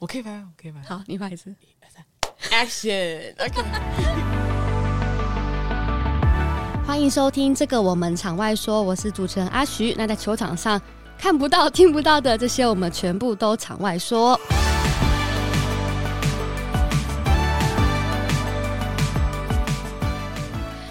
我可以拍我可以拍，好，你拍一次。一二三，Action！OK。 歡迎收聽這個我們場外說，我是主持人阿徐。那在球場上看不到、聽不到的這些，我們全部都場外說。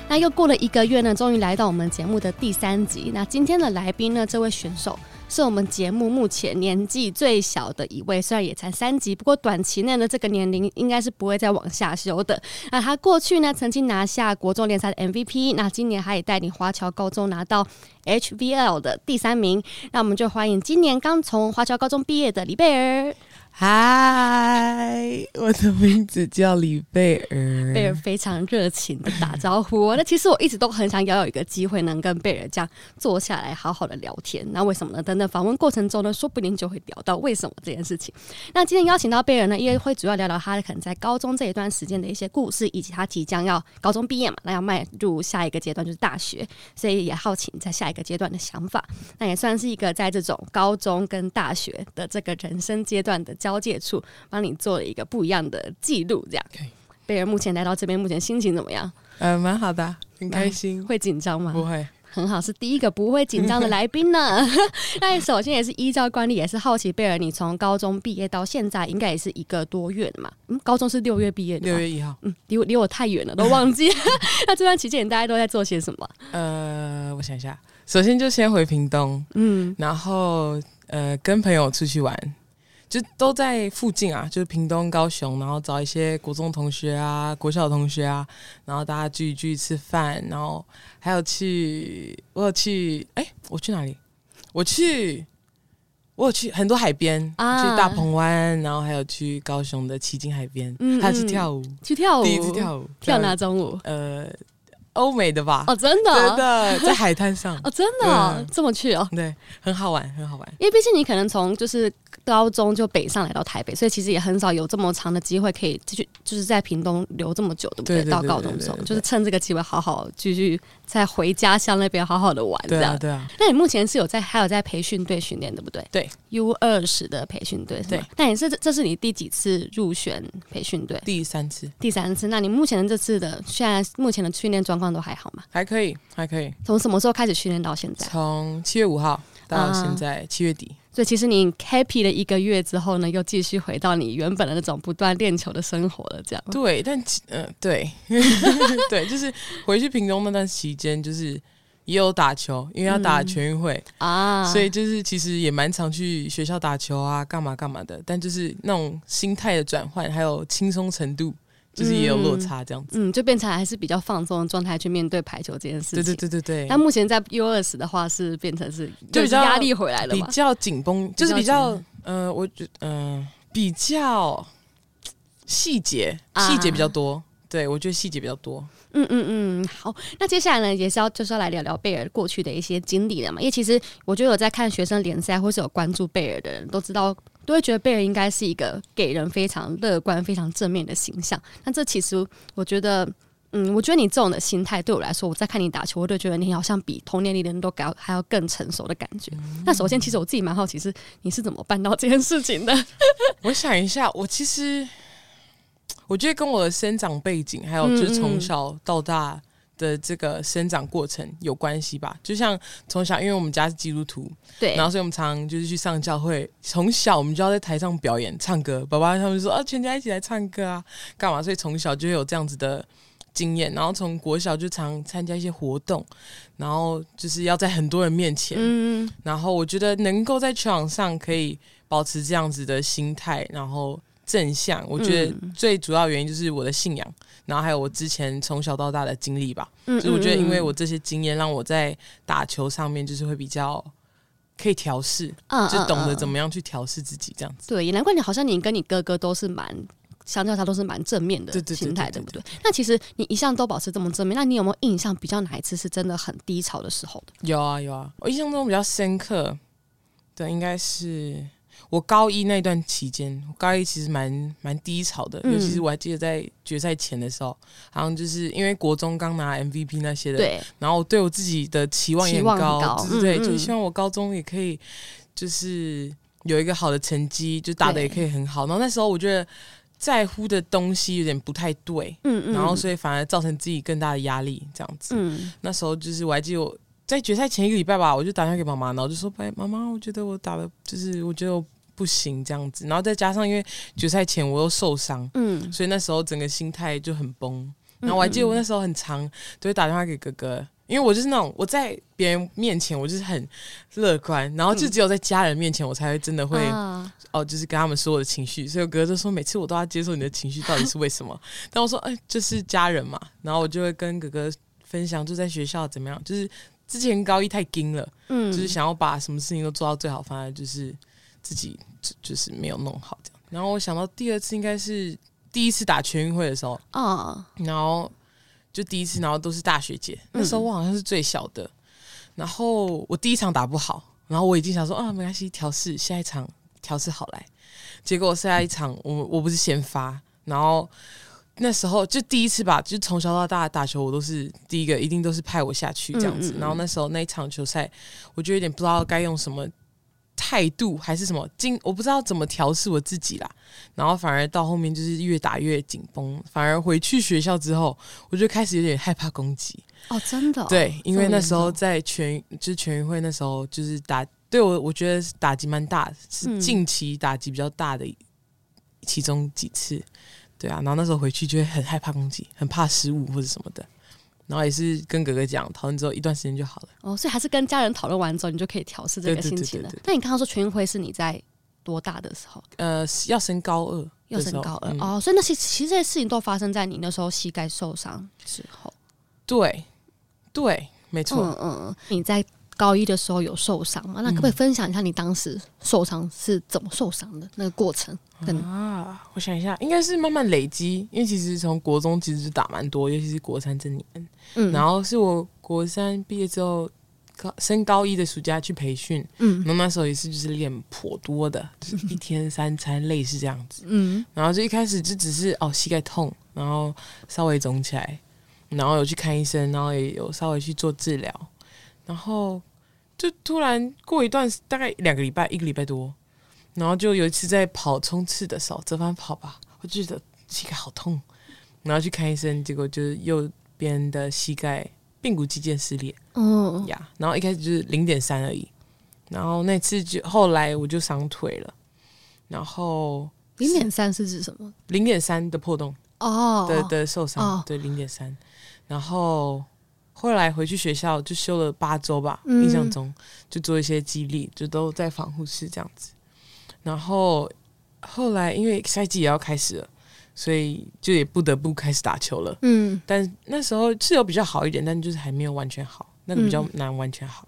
那又過了一個月呢，終於來到我們節目的第三集。那今天的來賓呢，這位選手，是我們節目目前年紀最小的一位，雖然也才三集，不過短期內呢，這個年齡應該是不會再往下修的。那他過去呢，曾經拿下國中聯賽的 MVP，那今年他也帶領華僑高中拿到 HVL 的第三名。那我們就歡迎今年剛從華僑高中畢業的李貝兒。嗨，Hi, 我的名字叫李貝兒，貝兒非常熱情的打招呼。 那其實我一直都很想要有一個機會能跟貝兒這樣坐下來好好的聊天。那為什麼呢？等等訪問過程中呢，說不定就會聊到為什麼這件事情。那今天邀請到貝兒呢，因為會主要聊聊他可能在高中這一段時間的一些故事，以及他即將要高中畢業嘛，那要邁入下一個階段就是大學，所以也好奇你在下一個階段的想法。那也算是一個在這種高中跟大學的這個人生階段的。交界處，幫你做了一個不一樣的記錄，這樣。貝兒 Okay. 目前來到這邊，目前心情怎麼樣？嗯、呃，蠻好的、啊，很開心。會緊張嗎？不會，很好，是第一個不會緊張的來賓呢。那 首先也是依照慣例，也是好奇貝兒，你從高中畢業到現在，應該也是一個多月的嘛？嗯，高中是六月畢業的，六月一號。嗯，離我、離我太遠了，都忘記了。 那這段期間，你大家都在做些什麼？呃，我想一下，首先就先回屏東，嗯，然後呃，跟朋友出去玩。就都在附近啊，就是屏東、高雄，然後找一些國中同學啊、國小同學啊，然後大家聚一聚吃飯，然後還有去，我有去，哎、欸，我去哪裡？我去，我有去很多海邊，啊、去大鵬灣，然後還有去高雄的旗津海邊，嗯、還有去跳舞，嗯嗯、去跳舞，第一次跳舞，跳哪種舞？呃。歐美的吧？哦，真的，真的在海灘上哦，真的這麼去哦，對，很好玩，很好玩。因為畢竟你可能從就是高中就北上來到台北，所以其實也很少有這麼長的機會可以繼續就是在屏東留這麼久，對不對？到高中的時候就是趁這個機會好好繼續再回家鄉那邊好好的玩，對啊，對啊。那你目前是有在還有在培訓隊訓練，對不對？對，U 二十的培訓隊，對。那你是這是你第幾次入選培訓隊？第三次，第三次。那你目前的這次的現在目前的訓練狀況？都還好嗎？還可以，還可以。從什麼時候開始訓練到現在？從七月五號到現在、啊、七月底。所以其實你 happy 了一個月之後呢，又繼續回到你原本的那種不斷練球的生活了，這樣？對，但呃，對， 對，就是回去屏東那段時間，就是也有打球，因為要打全運會、嗯、啊，所以就是其實也蠻常去學校打球啊，幹嘛幹嘛的。但就是那種心態的轉換，還有輕鬆程度。就是也有落差這樣子，嗯，嗯，就變成還是比較放鬆的狀態去面對排球這件事情。對對對對對。那目前在 U20 的話是變成是，就壓力回來了比，比較緊繃，就是比較，比較呃，我覺嗯、呃，比較細節，細節比較多。啊、對，我覺得細節比較多。嗯嗯嗯，好，那接下來呢也是要就是要來聊聊貝爾過去的一些經歷了嘛，因為其實我覺得有在看學生聯賽或是有關注貝爾的人都知道。都會覺得貝兒應該是一個給人非常樂觀、非常正面的形象。那這其實，我覺得，嗯，我覺得你這種的心態對我來說，我在看你打球，我都覺得你好像比同年齡的人都還要還要更成熟的感覺。那、嗯、首先，其實我自己蠻好奇是，是你是怎麼辦到這件事情的？我想一下，我其實我覺得跟我的生長背景，還有就是從小到大。嗯的這個生長過程有關係吧？就像從小，因為我們家是基督徒，對，然後所以我們常常就是去上教會。從小我們就要在台上表演、唱歌，爸爸他們說啊，全家一起來唱歌啊，幹嘛？所以從小就有這樣子的經驗。然後從國小就常參加一些活動，然後就是要在很多人面前。嗯，然後我覺得能夠在球場上可以保持這樣子的心態，然後。正向，我覺得最主要原因就是我的信仰，嗯、然後還有我之前從小到大的經歷吧。嗯、所以我覺得，因為我這些經驗，讓我在打球上面就是會比較可以調適，嗯、就懂得怎麼樣去調適自己這樣子。嗯嗯嗯、對，也難怪你好像你跟你哥哥都是蠻，相較他都是蠻正面的心態，對不對？那其實你一向都保持這麼正面，那你有沒有印象比較哪一次是真的很低潮的時候的？有啊有啊，我印象中比較深刻，對，應該是。我高一那段期間，我高一其實蠻蠻低潮的，尤其是我還記得在決賽前的時候，嗯、好像就是因為國中剛拿 MVP 那些的，對然後我對我自己的期望也很高，很高是對，嗯嗯就希望我高中也可以就是有一個好的成績，就打得也可以很好。對然後那時候我覺得在乎的東西有點不太對，嗯嗯然後所以反而造成自己更大的壓力，這樣子。嗯、那時候就是我還記得我。在決賽前一個禮拜吧，我就打電話給媽媽，然後就說：“哎，媽媽，我覺得我打的就是，我覺得我不行這樣子。”然後再加上因為決賽前我又受傷，嗯，所以那時候整個心態就很崩。然後我還記得我那時候很常都會打電話給哥哥，因為我就是那種我在別人面前我就是很樂觀，然後就只有在家人面前我才會真的會、嗯、哦，就是跟他們說我的情緒。所以我哥哥就說：“每次我都要接受你的情緒到底是為什麼？”但呵我說：“哎、欸，就是家人嘛。”然後我就會跟哥哥分享，就在學校怎麼樣，就是。之前高一太緊了，嗯，就是想要把什麼事情都做到最好，反而就是自己就，就是沒有弄好這樣。然後我想到第二次應該是第一次打全運會的時候啊，哦、然後就第一次，然後都是大學姐，那時候我好像是最小的。嗯、然後我第一場打不好，然後我已經想說啊，沒關係，調適下一場調適好來。結果下一場我、嗯、我不是先發，然後。那時候就第一次吧，就從小到大打球，我都是第一個，一定都是派我下去這樣子。嗯嗯、然後那時候那一場球賽，我就有點不知道該用什麼態度還是什麼，我不知道怎麼調適我自己啦。然後反而到後面就是越打越緊繃，反而回去學校之後，我就開始有點害怕攻擊。哦，真的、哦。對，因為那時候在全就是全運會那時候，就是打，對，我我覺得打擊蠻大的，是近期打擊比較大的其中幾次。嗯對啊，然後那時候回去就會很害怕攻擊，很怕失誤或者什麼的，然後也是跟哥哥講討論之後一段時間就好了。哦，所以還是跟家人討論完之後，你就可以調試這個心情了。那你剛剛說全運會是你在多大的時候？呃，要升高二，要升高二、嗯、哦。所以那些其，其實這些事情都發生在你那時候膝蓋受傷之後。對對，沒錯。嗯嗯，你在。高一的時候有受傷嗎？那可不可以分享一下你當時受傷是怎麼受傷的那個過程？嗯、可能啊，我想一下，應該是慢慢累積，因為其實從國中其實打蠻多，尤其是國三這年，嗯，然後是我國三畢業之後高，高升高一的暑假去培訓，嗯，然後那時候也是就是練頗多的，就是一天三餐類似這樣子，嗯，然後就一開始就只是哦膝蓋痛，然後稍微腫起來，然後有去看醫生，然後也有稍微去做治療，然後。就突然過一段，大概兩個禮拜，一個禮拜多，然後就有一次在跑衝刺的時候，折返跑吧，我就覺得膝蓋好痛，然後去看醫生，結果就是右邊的膝蓋髕骨肌腱撕裂，嗯呀，然後一開始就是零點三而已，然後那次就後來我就傷腿了，然後零點三是指什麼？零點三的破洞哦，對、oh, 的，的受傷、oh. 對零點三，3, 然後。後來回去學校就休了八週吧，嗯、印象中就做一些肌力，就都在防護室這樣子。然後後來因為賽季也要開始了，所以就也不得不開始打球了。嗯、但那時候是有比較好一點，但就是還沒有完全好，那個比較難完全好。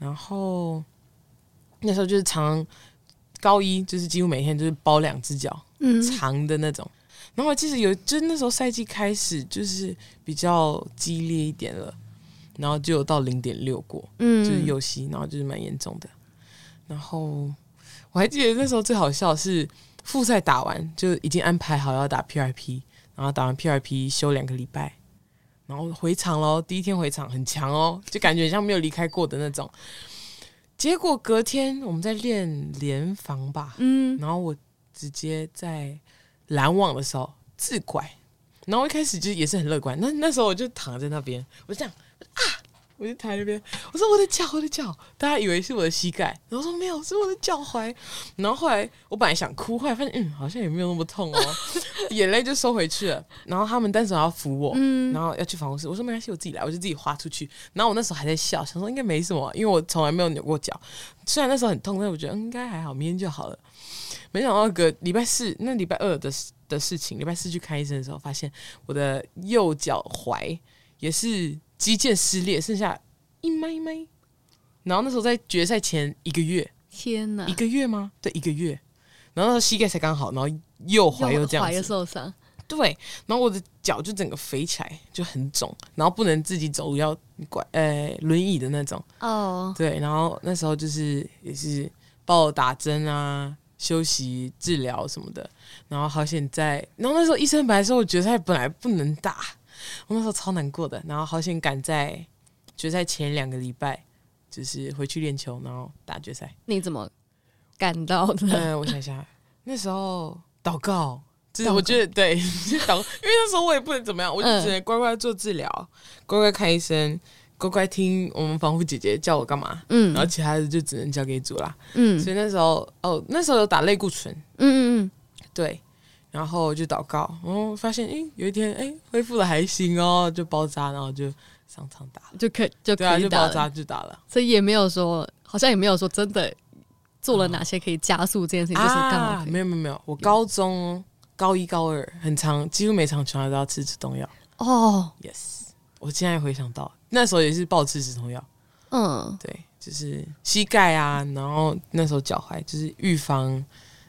嗯、然後那時候就是長高一，就是幾乎每天就是包兩隻腳，嗯，長的那種。然後我其實有，就那時候賽季開始就是比較激烈一點了，然後就有到零點六過，嗯，就是右膝，然後就是蠻嚴重的。然後我還記得那時候最好笑是複賽打完就已經安排好要打 P R P，然後打完 P R P 休兩個禮拜，然後回場嘍。第一天回場很強哦，就感覺像沒有離開過的那種。結果隔天我們在練聯防吧，嗯，然後我直接在。攔網的時候自拐，然後一開始就也是很樂觀。那那時候我就躺在那邊，我就這樣啊，我就躺在那邊。我說我的腳，我的腳，大家以為是我的膝蓋，然後我說沒有，是我的腳踝。然後後來我本來想哭，後來發現嗯，好像也沒有那麼痛哦， 眼淚就收回去了。然後他們當時要扶我，嗯、然後要去辦公室，我說沒關係，我自己來，我就自己滑出去。然後我那時候還在笑，想說應該沒什麼，因為我從來沒有扭過腳。雖然那時候很痛，但我覺得應該還好，明天就好了。沒想到，個禮拜四那禮拜二的事的事情，禮拜四去看醫生的時候，發現我的右腳踝也是肌腱撕裂，剩下一麥一麥。然後那時候在決賽前一個月，天哪，一個月嗎？對，一個月。然後那時候膝蓋才剛好，然後右踝又這樣子又，又受傷。對，然後我的腳就整個肥起來，就很腫，然後不能自己走路，要拐呃輪椅的那種。哦，對，然後那時候就是也是幫我打針啊。休息治療什麼的，然後好險在，然後那時候醫生本來說我決賽本來不能打，我那時候超難過的，然後好險趕在決賽前兩個禮拜，就是回去練球，然後打決賽。你怎麼趕到的？呃，我想想，那時候禱告，就是我覺得禱告，對，禱告，因為那時候我也不能怎麼樣，我就只能乖乖乖做治療，乖乖看醫生。乖乖聽我們防護姐姐叫我幹嘛，嗯，然後其他的就只能交給主啦，嗯，所以那時候，哦，那時候有打類固醇，嗯嗯嗯，對，然後就禱告，嗯、哦，發現，哎，有一天，哎，恢復的還行哦，就包紮，然後就上場打了就，就可就可以打對、啊，就包紮就打了，所以也沒有說，好像也沒有說真的做了哪些可以加速這件事情，就是幹嘛？沒有、嗯啊、沒有沒有，我高中 Yeah. 高一高二很常，幾乎每場全都要吃止痛藥，哦、oh.，yes，我現在回想到。那時候也是暴吃止痛藥，嗯，對，就是膝蓋啊，然後那時候腳踝，就是預防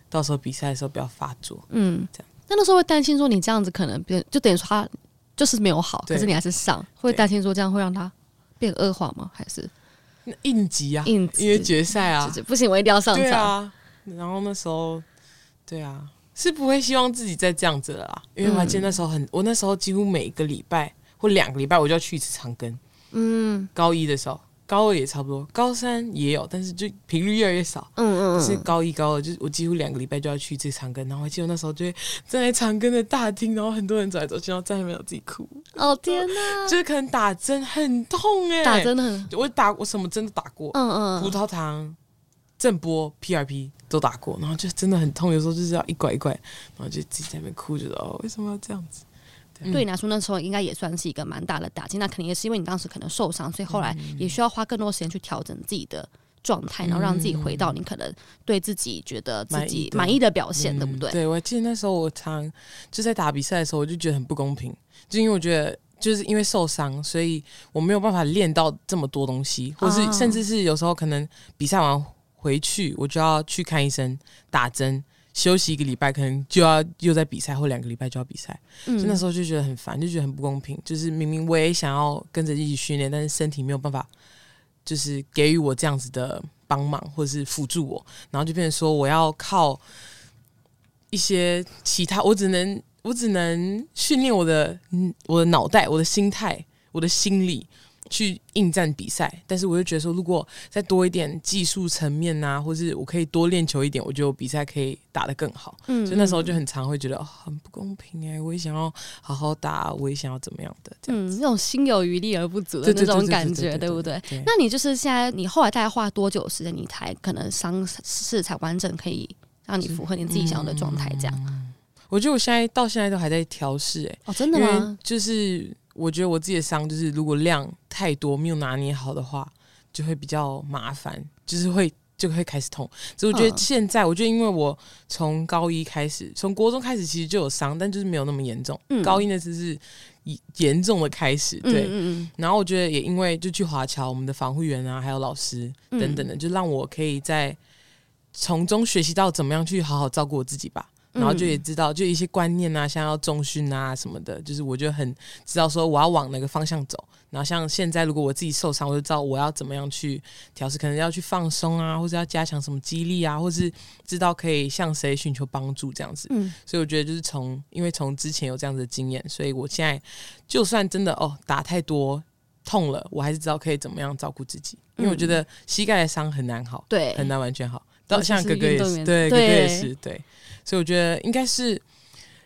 到時候比賽的時候不要發作，嗯，這樣。那那時候會擔心說你這樣子可能變，就等於說他就是沒有好，對可是你還是上，會擔心說這樣會讓他變惡化嗎？還是應急啊，應急因為決賽啊，不行，我一定要上場對、啊。然後那時候，對啊，是不會希望自己再這樣子了啦，嗯、因為我還記得那時候很，我那時候幾乎每個禮拜或兩個禮拜我就要去一次長庚。嗯，高一的時候，高二也差不多，高三也有，但是就頻率越來越少。嗯嗯。嗯但是高一高二，就是我幾乎兩個禮拜就要去一次長庚，然後我記得那時候就會站在長庚的大廳，然後很多人走來走去，然後站在那邊我自己哭。哦天吶，就是可能打針很痛誒、欸，打針很，我打我什麼針都打過，嗯嗯，嗯葡萄糖、震波、PRP 都打過，然後就真的很痛，有時候就是要一拐一拐，然後就自己在那邊哭，覺得哦為什麼要這樣子。對你來說，那時候應該也算是一個蠻大的打擊。那肯定也是因為你當時可能受傷，所以後來也需要花更多時間去調整自己的狀態，然後讓自己回到你可能對自己覺得自己滿意的表現，對不對？嗯，對，我記得那時候我常就在打比賽的時候，我就覺得很不公平，就因為我覺得就是因為受傷，所以我沒有辦法練到這麼多東西，或是甚至是有時候可能比賽完回去我就要去看醫生打針。休息一個禮拜，可能就要又在比賽，或兩個禮拜就要比賽。嗯、所以那時候就覺得很煩，就覺得很不公平。就是明明我也想要跟着一起訓練，但是身體沒有辦法，就是給予我這樣子的幫忙或者是輔助我，然後就變成說我要靠一些其他，我只能我只能訓練我的我的腦袋，我的心態，我的心理。去應戰比賽，但是我就覺得說，如果再多一點技術層面吶、啊，或者是我可以多練球一點，我覺得我比賽可以打得更好。嗯，所以那時候就很常會覺得、嗯哦、很不公平哎、欸，我也想要好好打，我也想要怎麼樣的這樣嗯，那種心有餘力而不足的這種感覺，對不對？對那你就是現在，你後來大概花多久時間，你才可能傷勢才完整，可以讓你符合你自己想要的狀態？這樣、就是嗯，我覺得我現在到現在都還在調適哎。哦，真的嗎？就是。我覺得我自己的傷就是，如果量太多沒有拿捏好的話，就會比較麻煩，就是會就會開始痛。所以我覺得現在，哦、我覺得因為我從高一開始，從國中開始其實就有傷，但就是沒有那麼嚴重。嗯、高一那次是嚴重的開始，對。嗯嗯嗯，然後我覺得也因為就去華僑，我們的防護員啊，還有老師等等的，嗯、就讓我可以在從中學習到怎麼樣去好好照顧我自己吧。然後就也知道，就一些觀念啊，像要重訓啊什麼的，就是我就很知道說我要往哪個方向走。然後像現在，如果我自己受傷，我就知道我要怎麼樣去調適，可能要去放鬆啊，或者要加強什麼肌力啊，或者是知道可以向誰尋求幫助這樣子。嗯，所以我覺得就是從，因為從之前有這樣子的經驗，所以我現在就算真的哦打太多痛了，我還是知道可以怎麼樣照顧自己。因為我覺得膝蓋的傷很難好，對，很難完全好。到像哥哥也是，對，對哥哥也是對。所以我覺得應該是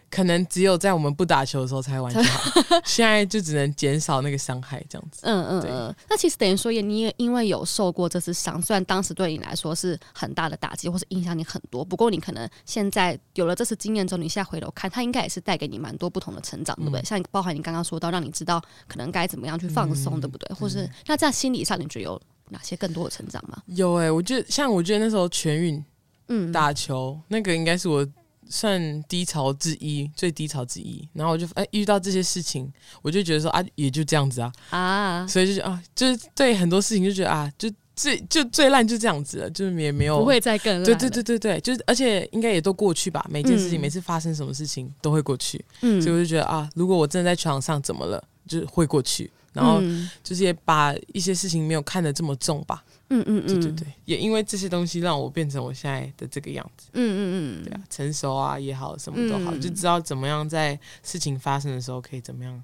可能只有在我們不打球的時候才完全好，現在就只能減少那個傷害這樣子。 嗯嗯嗯。對 那其實等於說，也你也因為有受過這次傷，雖然當時對你來說是很大的打擊，或是影響你很多，不過你可能現在有了這次經驗之後，你現在回頭看，它應該也是帶給你蠻多不同的成長，對不對？嗯、像包含你剛剛說到，讓你知道可能該怎麼樣去放鬆，對不對？嗯、或是那在心理上，你覺得有哪些更多的成長嗎？有哎、欸，我覺得像我覺得那時候全運。嗯，打球那個應該是我算低潮之一，最低潮之一。然後我就哎、欸、遇到這些事情，我就覺得說啊，也就這樣子啊啊，所以就是啊，就是對很多事情就覺得啊，就最就最爛就這樣子了，就是也沒有不會再更爛。對對對對對，就是而且應該也都過去吧。每件事情、嗯、每次發生什麼事情都會過去，嗯、所以我就覺得啊，如果我真的在場上怎麼了，就會過去。然後就是也把一些事情沒有看得這麼重吧，嗯嗯嗯，嗯嗯對對對，也因為這些東西讓我變成我現在的這個樣子，嗯嗯嗯，嗯嗯對啊，成熟啊也好，什麼都好，嗯，就知道怎麼樣在事情發生的時候可以怎麼樣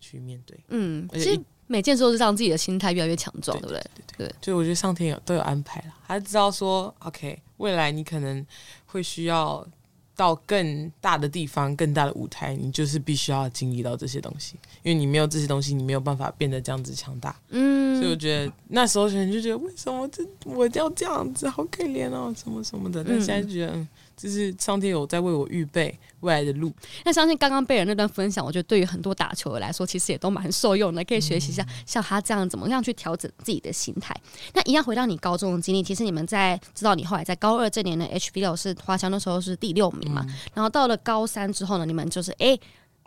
去面對，嗯，其實每件事都是讓自己的心態越來越強壯，對不對？對對對，所以對我覺得上天有都有安排了，他知道說，OK，未來你可能會需要，到更大的地方、更大的舞台，你就是必須要經歷到這些東西，因為你沒有這些東西，你沒有辦法變得這樣子強大。嗯，所以我覺得那時候你就覺得，為什麼這我要這樣子，好可憐哦，什麼什麼的。但現在覺得，嗯就是上天有在為我預備未來的路。那相信剛剛貝爾那段分享，我覺得對於很多打球的來說，其實也都蠻受用的，可以學習一下像他這樣怎麼樣去調整自己的心態。那一樣回到你高中的經歷，其實你們在知道你後來在高二這年的 HVL 是、嗯、華僑的時候是第六名嘛，然後到了高三之後呢，你們就是誒。欸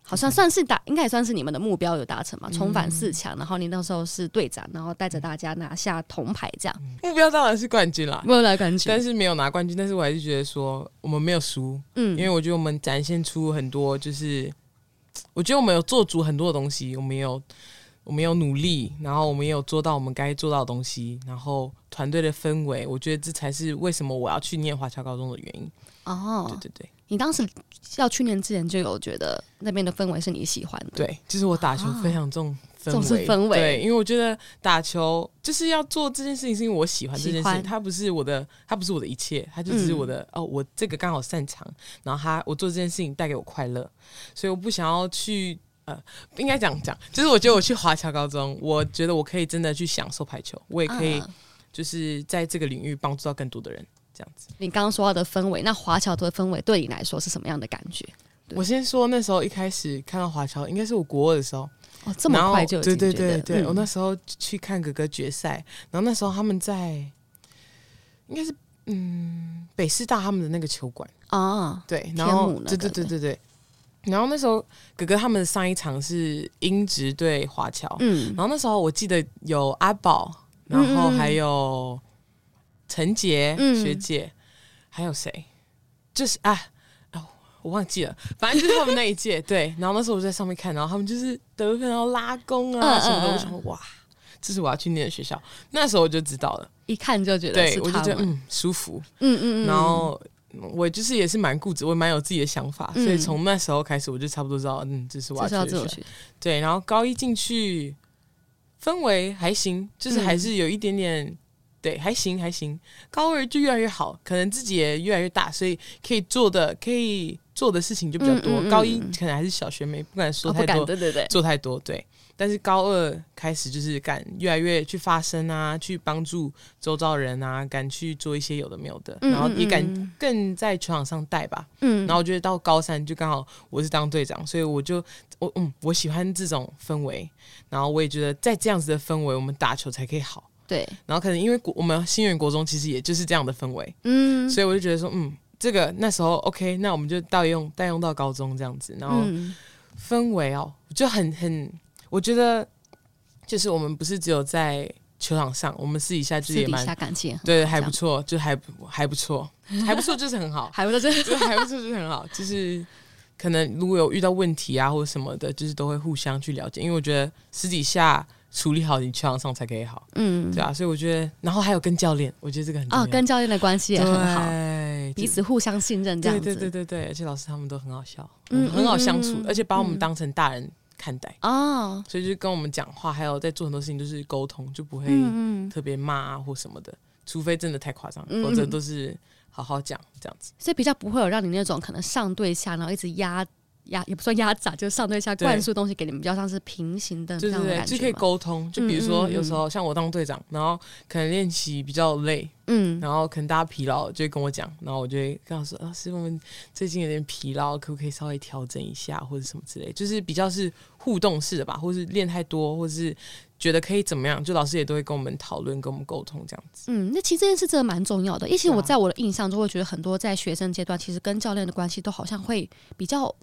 好像算是打，應該也算是你們的目標有達成嘛？重返四強，然後你那時候是隊長，然後帶着大家拿下銅牌這樣。目標當然是冠軍啦，沒有拿冠軍，但是沒有拿冠軍，但是我還是覺得說我們沒有輸。嗯，因為我覺得我們展現出很多，就是我覺得我們有做足很多的東西，我們也有我們也有努力，然後我們也有做到我們該做到的東西，然後團隊的氛圍，我覺得這才是為什麼我要去念華僑高中的原因。哦，對對對。你當時要去年之前就有覺得那邊的氛圍是你喜歡的？對，就是我打球非常重，重視、啊、氛圍，對，因為我覺得打球就是要做這件事情，是因為我喜歡這件事情，喜歡，它不是我的，它不是我的一切，它就是我的、嗯、哦，我這個剛好擅長，然後它我做這件事情帶給我快樂，所以我不想要去呃，不應該這樣講，就是我覺得我去華僑高中，我覺得我可以真的去享受排球，我也可以就是在這個領域幫助到更多的人。你剛剛說到的氛圍，那華僑的氛圍對你來說是什麼樣的感覺？我先說，那時候一開始看到華僑，應該是我國二的時候哦，這麼快後就已經覺得，對對對對，嗯、我那時候去看哥哥決賽，然後那時候他們在，應該是嗯北市大他們的那個球館啊，對，然後對對對對對，對然後那時候哥哥他們上一場是英職對華僑，嗯，然後那時候我記得有阿寶，然後還有、嗯。陳杰、嗯、學姐，還有誰？就是啊、哦、我忘記了。反正就是他們那一屆 對。然後那時候我在上面看，然後他們就是得分，然後拉弓啊，嗯嗯什麼的。我想，哇，這是我要去念的學校。那時候我就知道了，一看就覺得對，我就覺得嗯舒服，嗯嗯嗯。然後我就是也是蠻固執，我蠻有自己的想法，所以從那時候開始我就差不多知道，嗯，這是我要去的學校。學對，然後高一進去氛圍還行，就是還是有一點點。對，還行還行，高二就越來越好，可能自己也越來越大，所以可以做的可以做的事情就比較多。嗯嗯嗯、高一可能還是小學妹，不敢說太多，哦、不敢、對對對，做太多對。但是高二開始就是敢越來越去發聲啊，去幫助周遭人啊，敢去做一些有的沒有的，嗯、然後也敢更在球場上帶吧。嗯，然後我覺得到高三就剛好我是當隊長，所以我就我嗯我喜歡這種氛圍，然後我也覺得在這樣子的氛圍，我們打球才可以好。對，然後可能因為我們新源國中其實也就是這樣的氛圍，嗯，所以我就覺得說，嗯，這個那時候 OK，那我們就代用代用到高中這樣子，然後氛圍哦就很很，我覺得就是我們不是只有在球場上，我們私底下自己，也蠻私底下感情對還不錯，就還還不錯，還不錯就是很好，還不錯就還不錯就是很好， 就是可能如果有遇到問題啊或者什麼的，就是都會互相去了解，因為我覺得私底下。處理好，你場上才可以好，嗯，對啊。所以我覺得，然後還有跟教練，我覺得這個很哦，跟教練的關係也很好，對彼此互相信任這樣子。對對對對，對而且老師他們都很好笑，嗯、很好相處，嗯、而且把我們當成大人看待哦，嗯、所以就跟我們講話，還有在做很多事情就是溝通，就不會特別罵、啊、或什麼的，除非真的太誇張，嗯、或者都是好好講這樣子，所以比較不會有讓你那種可能上對下，然後一直壓。壓也不算壓榨，就是上對下灌輸東西給你們，比較像是平行的這樣子，對對對，就可以溝通。就比如說，有時候嗯嗯嗯嗯像我當隊長，然後可能練習比較累，嗯，然後可能大家疲勞，就會跟我講，然後我就會跟他說：“啊，師傅們最近有點疲勞，可不可以稍微調整一下，或者什麼之類。”就是比較是互動式的吧，或是練太多，或是覺得可以怎麼樣，就老師也都會跟我們討論，跟我們溝通這樣子。嗯，那其實這件事真的蠻重要的。因為其實我在我的印象中會覺得，很多在學生階段，其實跟教練的關係都好像會比較。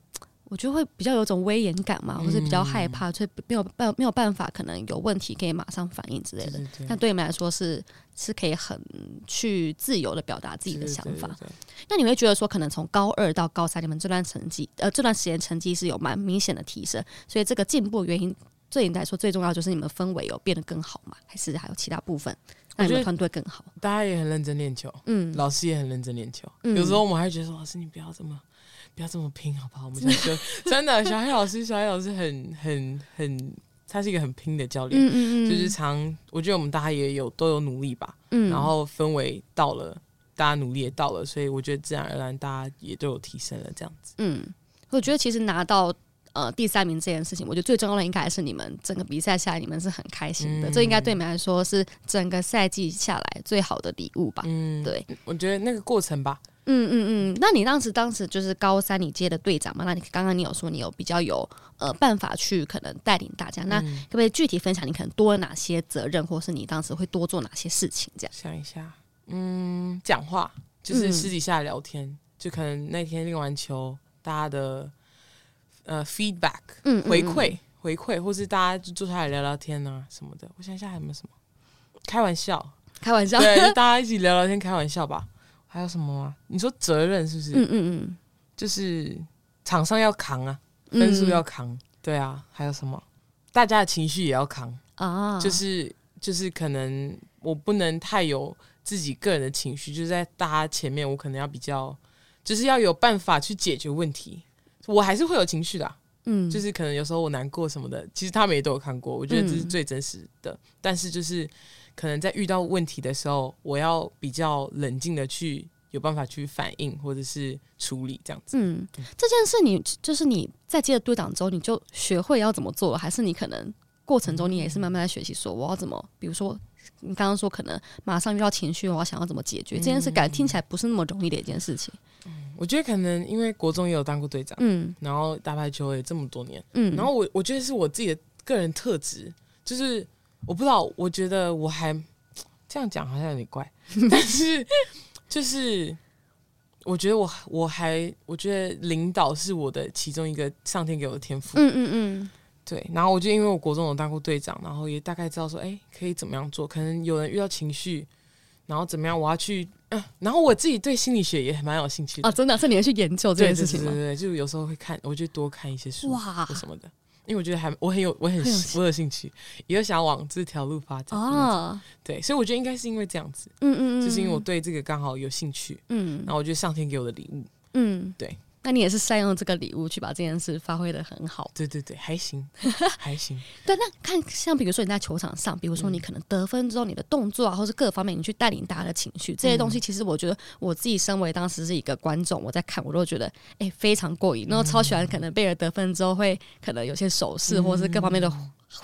我覺得會比較有種威嚴感嘛，或是比較害怕，嗯，所以沒有辦沒有辦法，可能有問題可以馬上反應之類的。是是對的。但對你們來說是是可以很去自由的表達自己的想法。是是對是對。那你會覺得說，可能從高二到高三，你們這段成績呃這段時間成績是有蠻明顯的提升。所以這個進步原因，對你來說最重要就是你們氛圍有變得更好嘛，還是還有其他部分？那你們團隊更好。大家也很認真練球，嗯，老師也很認真練球。嗯，有時候我們還覺得說，老師你不要這麼，不要這麼拼，好不好？我們講就 真的，小黑老師，小黑老師很很很，他是一個很拼的教練，嗯嗯嗯，就是常我覺得我們大家也有都有努力吧，嗯，然後氛圍到了，大家努力也到了，所以我覺得自然而然大家也都有提升了，這樣子，嗯，我覺得其實拿到呃第三名這件事情，我覺得最重要的應該還是你們整個比賽下來，你們是很開心的，嗯、這應該對你們來說是整個賽季下來最好的禮物吧，嗯，對，我覺得那個過程吧。嗯嗯嗯，那你當時當時就是高三，你接的隊長嘛？那你剛剛你有說你有比較有呃辦法去可能帶領大家，嗯、那可不可以具體分享你可能多哪些責任，或是你當時會多做哪些事情？這樣想一下，嗯，講話就是私底下聊天，嗯、就可能那天練完球，大家的呃 feedback，回饋回饋，或是大家就坐下來聊聊天啊什麼的。我想一下，還有沒有什麼？開玩笑，開玩笑，對， 大家一起聊聊天，開玩笑吧。還有什麼啊？你說責任是不是？嗯嗯嗯，就是場上要扛啊，分數要扛，嗯、對啊，還有什麼？大家的情緒也要扛啊、就是。就是就是，可能我不能太有自己個人的情緒，就是在大家前面，我可能要比較，就是要有辦法去解決問題。我還是會有情緒的、啊，嗯，就是可能有時候我難過什麼的，其實他們也都有看過，我覺得這是最真實的。嗯、但是就是。可能在遇到問題的時候，我要比較冷靜的去有辦法去反應或者是處理這樣子。嗯，嗯這件事你就是你在接了隊長之後，你就學會要怎麼做了，還是你可能過程中你也是慢慢在學習說，說我要怎麼，比如說你剛剛說可能馬上遇到情緒，我要想要怎麼解決、嗯、這件事感，感覺聽起來不是那麼容易的一件事情嗯。嗯，我覺得可能因為國中也有當過隊長，嗯，然後打排球也這麼多年，嗯，然後我我覺得是我自己的個人特質，就是。我不知道，我覺得我還這樣講好像有點怪。 但是就是我覺得我我還我覺得領導是我的其中一個上天給我的天賦，嗯嗯嗯，對。然後我就因為我國中有當過隊長，然後也大概知道說，哎、欸，可以怎麼樣做？可能有人遇到情緒，然後怎麼樣，我要去、啊。然後我自己對心理學也還蠻有興趣啊，真的、啊、是你要去研究這件事情嗎？對對對，就有時候會看，我就多看一些書哇什麼的。因為我覺得還我很有我很我有興趣，也有想要往這條路發展。啊、對，所以我覺得應該是因為這樣子，嗯，嗯，嗯，就是因為我對這個剛好有興趣，嗯，然後我覺得上天給我的禮物，嗯，對。那你也是善用這個禮物去把這件事發揮得很好。對對對，還行，還行。 對，那看像比如說你在球場上，比如說你可能得分之後，你的動作啊，或是各方面，你去帶領大家的情緒，這些東西，其實我覺得我自己身為當時是一個觀眾，我在看，我都覺得哎、欸、非常過癮，然後超喜歡。可能貝兒得分之後會可能有些手勢，或是各方面的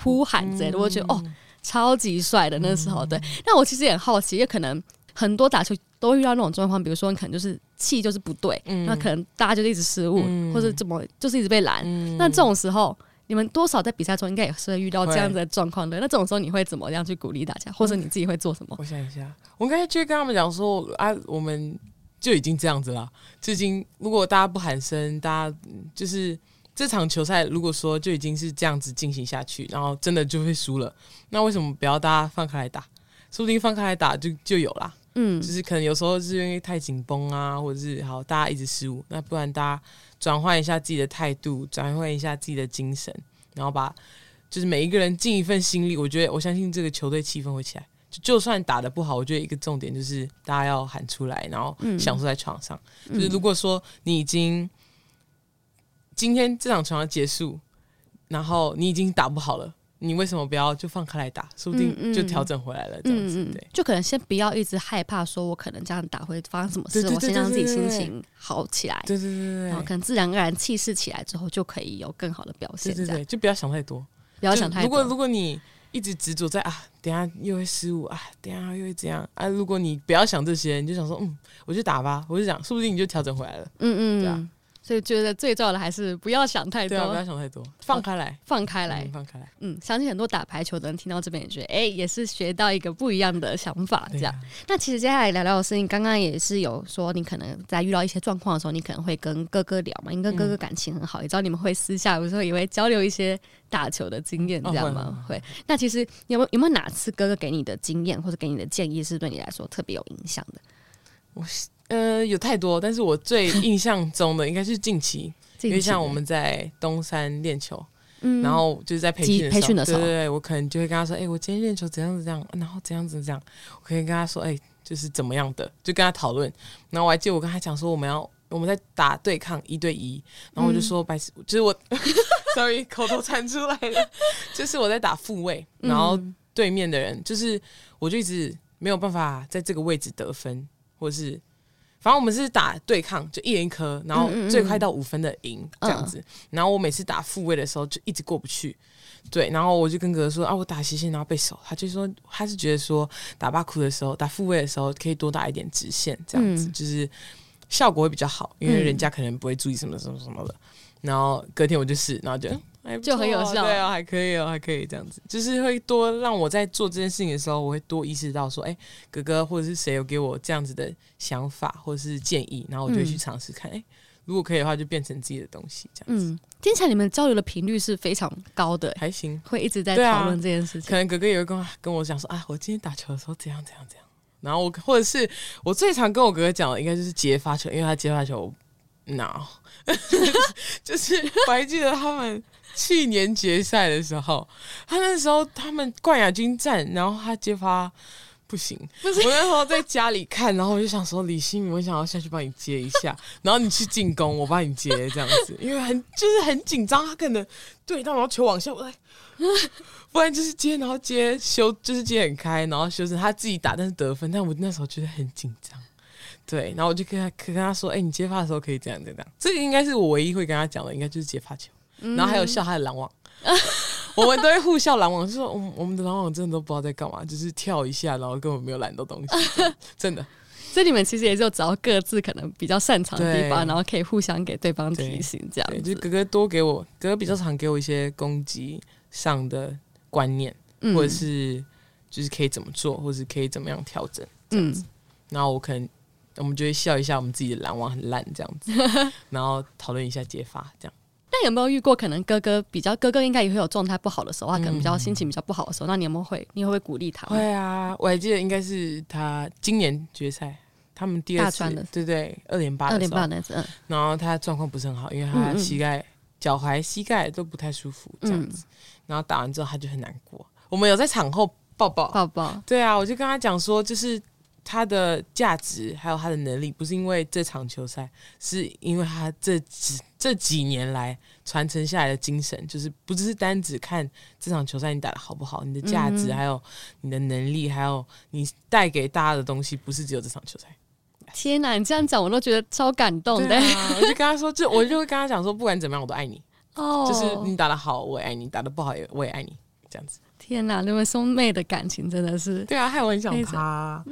呼喊之類、嗯哦、的，我覺得哦超級帥的那時候。對，那我其實也很好奇，也可能。很多打球都遇到那種狀況，比如說你可能就是氣就是不對，嗯、那可能大家就是一直失誤，嗯、或者怎麼就是一直被攔。嗯、那這種時候，你們多少在比賽中應該也是遇到這樣子的狀況的。會。那這種時候，你會怎麼樣去鼓勵大家，或者你自己會做什麼？嗯、我想一下，我剛才就跟他們講說啊，我們就已經這樣子了。最近如果大家不喊聲，大家就是這場球賽，如果說就已經是這樣子進行下去，然後真的就會輸了。那為什麼不要大家放開來打？說不定放開來打就就有啦。嗯，就是可能有時候是因為太緊繃啊，或者是好大家一直失誤，那不然大家轉換一下自己的態度，轉換一下自己的精神，然後把就是每一個人盡一份心力，我覺得我相信這個球隊氣氛會起來。就就算打得不好，我覺得一個重點就是大家要喊出來，然後享受在場上。嗯、就是如果說你已經今天這場球要結束，然後你已經打不好了。你為什麼不要就放開來打？說不定就調整回來了，這樣子對、嗯嗯嗯嗯。就可能先不要一直害怕，說我可能這樣打會發生什麼事。我先讓自己心情好起來。對對對對,對然後可能自然而然氣勢起來之後，就可以有更好的表現。對,對對對，就不要想太多，不要想太多。如果如果你一直執着在啊，等下又會失誤啊，等下又會怎樣啊？如果你不要想這些，你就想說，嗯，我就打吧，我就想，說不定你就調整回來了。嗯嗯。嗯對、啊所以覺得最重要的還是不要想太多，啊、不要想太多，放開來，放開來，放開來。嗯，相信、嗯、很多打排球的人聽到這邊也覺得，哎、欸，也是學到一個不一樣的想法。這樣，啊、那其實接下來聊聊的是，你剛剛也是有說，你可能在遇到一些狀況的時候，你可能會跟哥哥聊嘛？你跟哥哥感情很好，嗯、也知道你們會私下有時候也會交流一些打球的經驗，這樣嗎？啊、會。會，啊、會，那其實有沒有有沒有哪次哥哥給你的經驗或者給你的建議是對你來說特別有影響的？我。呃，有太多，但是我最印象中的應該是近期， 近期的因為像我們在東山練球，嗯，然後就是在培訓的時候，時候對對對，我可能就會跟他說，哎、欸，我今天練球怎樣子這樣，然後怎樣，怎樣子這樣，我可以跟他說，哎、欸，就是怎麼樣的，就跟他討論。然後我還記得我跟他講說，我們要我們在打對抗一對一，然後我就說白，嗯、就是我 ，sorry，口頭禪出來了， 就是我在打復位，然後對面的人、嗯、就是我就一直沒有辦法在這個位置得分，或是。反正我們是打對抗，就一人一顆，然後最快到五分的贏、嗯嗯嗯、這樣子。然後我每次打複位的時候就一直過不去，對。然後我就跟哥哥說：“啊，我打斜線，然後被守。”他就說：“他是覺得說打八庫的時候，打複位的時候可以多打一點直線，這樣子、嗯、就是效果會比較好，因為人家可能不會注意什麼什麼什麼的。”然後隔天我就試，然後就。嗯喔，就很有效，對啊，喔，還可以哦，喔，還可以這樣子，就是會多讓我在做這件事情的時候，我會多意識到說，哎、欸，哥哥或者是誰有給我這樣子的想法或者是建議，然後我就去嘗試看，哎、嗯欸，如果可以的話，就變成自己的東西這樣子。聽起來，嗯，你們交流的頻率是非常高的，還行，會一直在討論這件事情、啊。可能哥哥也會跟跟我講說，啊，我今天打球的時候怎樣怎樣怎樣，然後我或者是我最常跟我哥哥講的，應該就是接發球，因為他接發球那、no. 就是我還記得他們。 去年決賽的時候，他那時候他們冠亞軍戰，然後他接發不行。不是我那時候在家裡看，然後我就想說尼希米，我想要下去幫你接一下， 然後你去進攻，我幫你接這樣子，因為很就是很緊張。他可能對到，然後球往下，不然 不然就是接，然後接修，就是接很開，然後修正，他自己打，但是得分。但我那時候覺得很緊張，對，然後我就跟他可跟他說，哎、欸，你接發的時候可以這樣這樣。這個、應該是我唯一會跟他講的，應該就是接發球。嗯、然後還有笑，還有攔網。 我們都會互笑攔網，就說我們我們的攔網真的都不知道在幹嘛，就是跳一下，然後根本沒有攔到東西，真的。這裡面其實也就找各自可能比較擅長的地方，對然後可以互相給對方提醒對這樣子。就哥哥多給我，哥哥比較常給我一些攻擊上的觀念，嗯、或者是就是可以怎麼做，或者是可以怎麼樣調整這樣子。嗯、然後我可能我們就會笑一下，我們自己的攔網很爛這樣子， 然後討論一下揭發這樣。那有沒有遇過，可能哥哥比較哥哥應該也會有狀態不好的時候他、啊、可能比較心情比較不好的時候，那你有，沒有會，你會不會鼓勵他、啊嗯？會啊！我還記得應該是他今年決賽，他們第二次，的對，對對，二點八，二點八那次。嗯、然後他狀況不是很好，因為他的膝蓋、腳、嗯嗯、踝、膝蓋都不太舒服這樣子。嗯、然後打完之後他就很難過。我們有在場後抱抱，抱抱。對啊，我就跟他講說，就是他的價值還有他的能力，不是因為這場球賽，是因為他這次這幾年來傳承下來的精神，就是不只是單只看這場球賽你打得好不好，你的價值，還有你的能力，還有你帶給大家的東西，不是只有這場球賽。天吶，你這樣講我都覺得超感動的。啊、 我就跟他說，就我就會跟他講說，不管怎麼樣，我都愛你。哦，oh. 就是你打得好，我也愛你；打得不好，我也愛你。這樣子。天吶，你們兄妹的感情真的是對啊，害我很想他。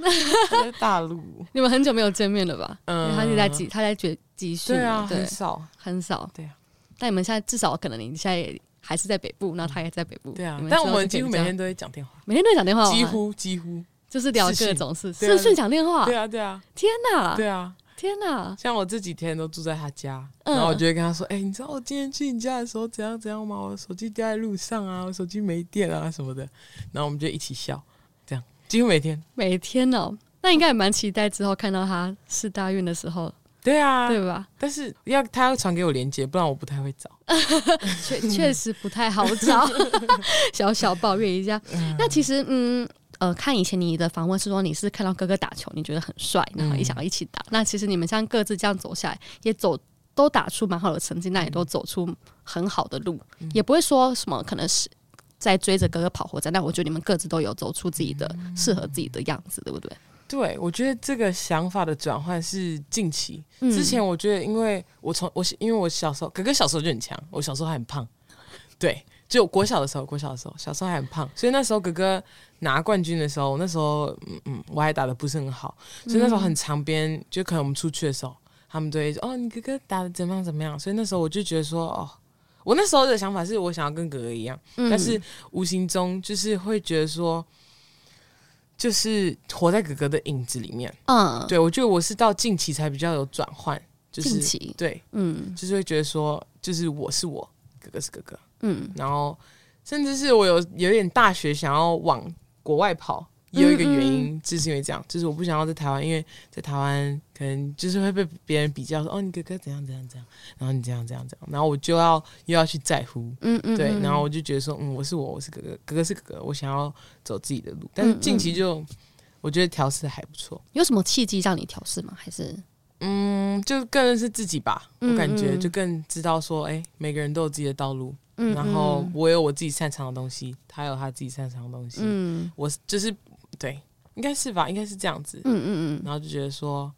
他在大陸，你們很久沒有見面了吧？嗯，他就在集，他在集集訓，對啊，很少，很少，對啊。但你們現在至少可能你現在也還是在北部，那他也在北部，對啊。但我們幾乎每天都會講電話，每天都會講電話，幾乎幾乎就是聊各種事，是是講電話，對啊對啊。天吶，對啊。天吶、啊，像我這幾天都住在他家，嗯、然後我就會跟他說：“哎、欸，你知道我今天去你家的時候怎樣怎樣嗎？我手機掉在路上啊，我手機沒電啊什麼的。”然後我們就一起笑，這樣幾乎每天每天哦。那應該也蠻期待之後看到他是大運的時候，對啊，對吧？但是要他要傳給我連接，不然我不太會找， 確確實不太好找， 小小抱怨一下。嗯、那其實嗯。呃，看以前你的訪問是說你是看到哥哥打球，你覺得很帥，然後也想要一起打。嗯、那其實你們像各自這樣走下來，也走都打出蠻好的成績，那也都走出很好的路，嗯、也不會說什麼可能是在追着哥哥跑或者。那、嗯，我覺得你們各自都有走出自己的適、嗯、合自己的樣子，對不對？對，我覺得這個想法的轉換是近期。嗯、之前，我覺得，因為我從我因為我小時候哥哥小時候就很強，我小時候還很胖，對。就國小的時候，國小的時候，小時候還很胖，所以那時候哥哥拿冠軍的時候，那時候嗯嗯，我還打得不是很好，所以那時候很長邊，就可能我們出去的時候，嗯、他們都會說哦，你哥哥打得怎麼樣怎麼樣？所以那時候我就覺得說，哦，我那時候的想法是我想要跟哥哥一樣，嗯、但是無形中就是會覺得說，就是活在哥哥的影子裡面。嗯，對，我覺得我是到近期才比較有轉換，就是近期，對，嗯，就是會覺得說，就是我是我，哥哥是哥哥。嗯，然後甚至是我有有點大學想要往國外跑，也有一個原因、嗯嗯、就是因為這樣，就是我不想要在台灣，因為在台灣可能就是會被別人比較說，哦，你哥哥怎樣怎樣怎樣，然後你這樣這樣這樣，然後我就要又要去在乎，嗯嗯，嗯對，然後我就覺得說，嗯，我是我，我是哥哥，哥哥是哥哥，我想要走自己的路，但是近期就、嗯、我覺得調適還不錯。有什麼契機讓你調適嗎？還是嗯，就更認識自己吧。嗯、我感覺就更知道說，哎、欸，每個人都有自己的道路。然後我有我自己擅長的東西，他有他自己擅長的東西，嗯，我就是，對，應該是吧，應該是這樣子，嗯嗯嗯，然後就覺得說，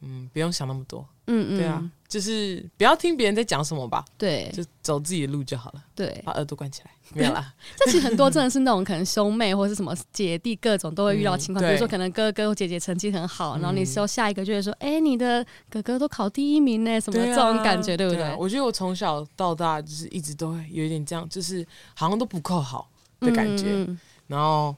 嗯，不用想那麼多。嗯嗯，對啊，就是不要聽別人在講什麼吧，對，就走自己的路就好了，對，把耳朵關起來，沒有啦， 這其實很多真的是那種可能兄妹或者是什麼姐弟，各種都會遇到情況。嗯、比如說可能哥哥姐姐成績很好，嗯、然後你說下一個就會說，哎、嗯，欸、你的哥哥都考第一名呢、欸，什麼這種感覺，對,啊、對不對,對、啊？我覺得我從小到大就是一直都會有一點這樣，就是好像都不夠好的感覺，嗯、然後。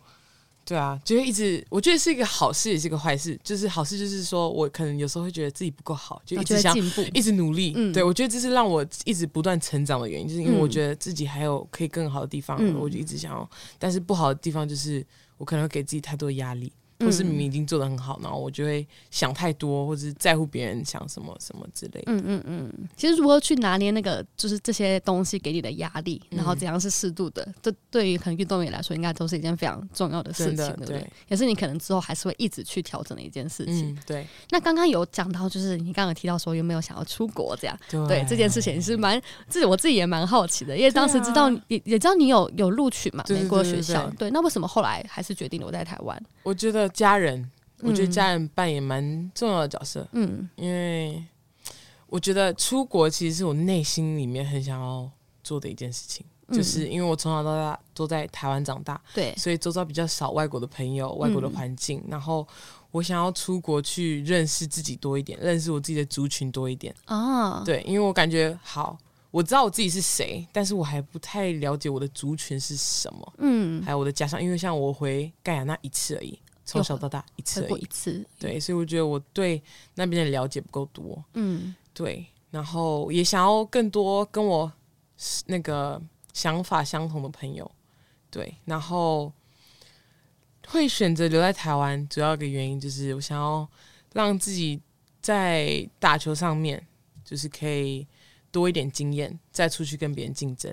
對啊，就一直，我覺得是一個好事，也是一個壞事。就是好事，就是說我可能有時候會覺得自己不夠好，就一直想一直努力。嗯，對我覺得這是讓我一直不斷成長的原因，就是因為我覺得自己還有可以更好的地方，嗯，我就一直想要。但是不好的地方就是，我可能會給自己太多壓力。或是明明已經做得很好，然後我就會想太多，或者在乎別人想什麼什麼之類的。嗯嗯嗯。其實如何去拿捏那個，就是這些東西給你的壓力，然後怎樣是適度的，嗯、這對於可能運動員來說，應該都是一件非常重要的事情，的對不對？對也是你可能之後還是會一直去調整的一件事情。嗯、對。那剛剛有講到，就是你剛剛有提到說有沒有想要出國這樣？對。對這件事情是蠻，自我自己也蠻好奇的，因為當時知道、啊、也也知道你有有錄取嘛就是 美國學校，對，對，對，對，對。那為什麼後來還是決定留在台灣？我覺得。家人，嗯、我覺得家人扮演蠻重要的角色。嗯，因為我覺得出國其實是我內心裡面很想要做的一件事情，嗯、就是因為我從小到大都在台灣長大，對，所以周遭比較少外國的朋友、外國的環境。嗯、然後我想要出國去認識自己多一點，認識我自己的族群多一點啊。對，因為我感覺好，我知道我自己是誰，但是我還不太了解我的族群是什麼。嗯，還有我的家鄉，因為像我回蓋亞那一次而已。從小到大一次，過一次，對，所以我覺得我對那邊的了解不夠多，嗯，對，然後也想要更多跟我那個想法相同的朋友，對，然後會選擇留在台灣，主要一個原因就是我想要讓自己在打球上面就是可以多一點經驗，再出去跟別人競爭，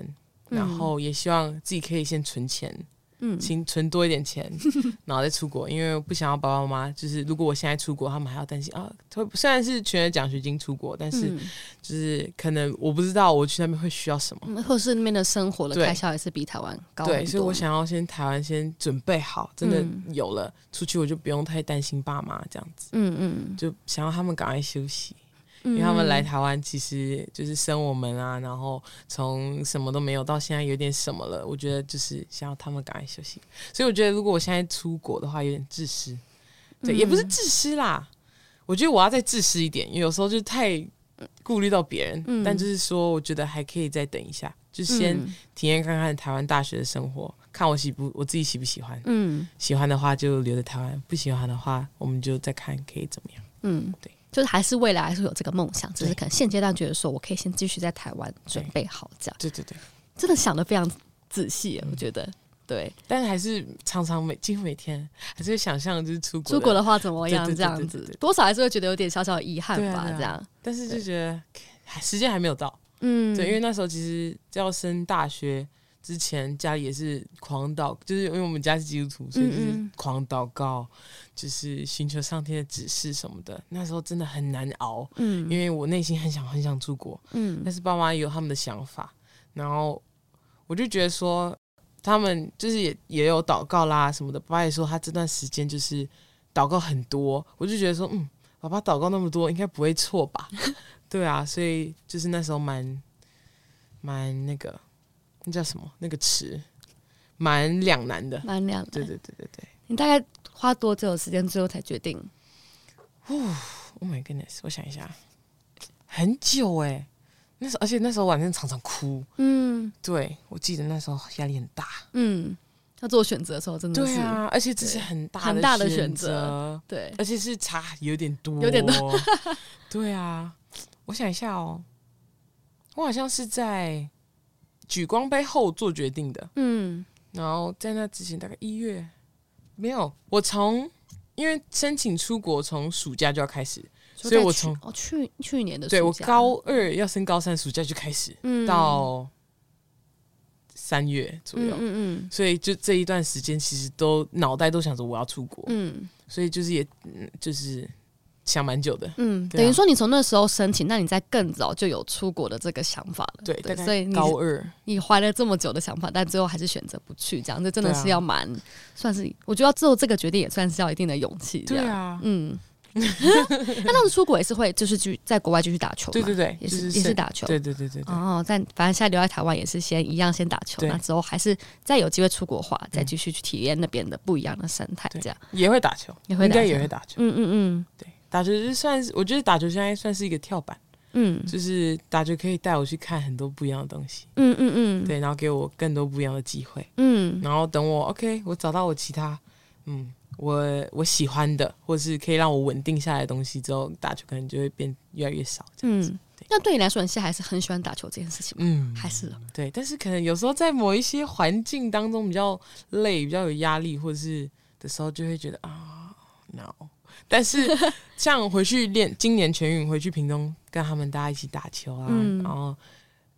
嗯、然後也希望自己可以先存錢。請存多一點錢，然後再出國， 因為我不想要爸爸媽媽。就是如果我現在出國，他們還要擔心啊。雖然是全額獎學金出國，但是就是可能我不知道我去那邊會需要什麼，嗯、或是那邊的生活的開銷也是比台灣高很多。對，對，所以，我想要先台灣先準備好，真的有了、嗯、出去，我就不用太擔心爸媽這樣子。嗯嗯，就想要他們趕快休息。因為他們來台灣其實就是生我們啊，然後從什麼都沒有到現在有點什麼了，我覺得就是想要他們趕快休息。所以我覺得如果我現在出國的話有點自私，對，嗯、也不是自私啦。我覺得我要再自私一點，因為有時候就太顧慮到別人，嗯、但就是說我覺得還可以再等一下，就先體驗看看台灣大學的生活，看我喜不，我自己喜不喜歡。嗯，喜歡的話就留在台灣，不喜歡的話我們就再看可以怎麼樣。嗯，對。就是還是未來還是有這個夢想，只，就是可能現階段覺得說，我可以先繼續在台灣準備好這樣。對，對對對，真的想得非常仔細，欸，我覺得。嗯、對，但還是常常每幾乎每天還是會想象就是出國，出國的話怎麼樣這樣子，多少還是會覺得有點小小的遺憾吧，對啊對啊這樣。但是就覺得時間還沒有到，嗯，對，因為那時候其實要升大學。之前家裡也是狂禱，就是因為我們家是基督徒，所以就是狂禱告，嗯嗯，就是尋求上天的指示什麼的。那時候真的很難熬，嗯，因為我內心很想很想出國，嗯，但是爸媽也有他們的想法，然後我就覺得說，他們就是也也有禱告啦什麼的。爸爸也說他這段時間就是禱告很多，我就覺得說，嗯，爸爸禱告那麼多，應該不會錯吧？ 對啊，所以就是那時候蠻蠻那個。那叫什麼？那個詞，蠻兩難的，蠻兩難。對對對對對。你大概花多久的時間最後才決定？哦，Oh my goodness！我想一下，很久哎、欸。那時而且那時候晚上常常哭。嗯，對，我記得那時候壓力很大。嗯，要做選擇的時候，真的是。對啊，而且這是很大的很大的選擇。對，而且是差有點多，有點多。 對啊，我想一下哦、喔，我好像是在。舉光杯後做決定的，嗯，然後在那之前大概一月沒有。我從因為申請出國，從暑假就要開始，所以我從哦去去年的時候對我高二要升高三，暑假就開始，嗯、到三月左右，嗯，嗯，嗯，所以就這一段時間，其實都腦袋都想着我要出國，嗯，所以就是也、嗯、就是。想蠻久的，嗯，等於說你從那時候申請，那你在更早就有出國的這個想法了，對對，所以高二你懷了這麼久的想法，但最後還是選擇不去，這樣這真的是要蠻算是，我覺得做這個決定也算是要一定的勇氣，對啊，嗯。那當時出國也是會，就是去在國外繼續打球，對對對，也是也是打球，對對對對。哦，在反正現在留在台灣也是先一樣先打球，那之後還是再有機會出國的話，再繼續去體驗那邊的不一樣的生態，這樣也會打球，也會應該也會打球，嗯嗯嗯，對。打球就算是，我覺得打球現在算是一個跳板，嗯，就是打球可以帶我去看很多不一樣的東西，嗯嗯嗯，嗯嗯對，然後給我更多不一樣的機會，嗯，然後等我 OK，我找到我其他，嗯，我我喜歡的，或者是可以讓我穩定下來的東西之後，打球可能就會變越來越少，這樣子。嗯、對，那對你來說，你現在還是很喜歡打球這件事情？嗯，還是對，但是可能有時候在某一些環境當中比較累、比較有壓力，或者是的時候，就會覺得啊，no。 但是像回去練今年全運回去屏東跟他們大家一起打球啊，嗯、然後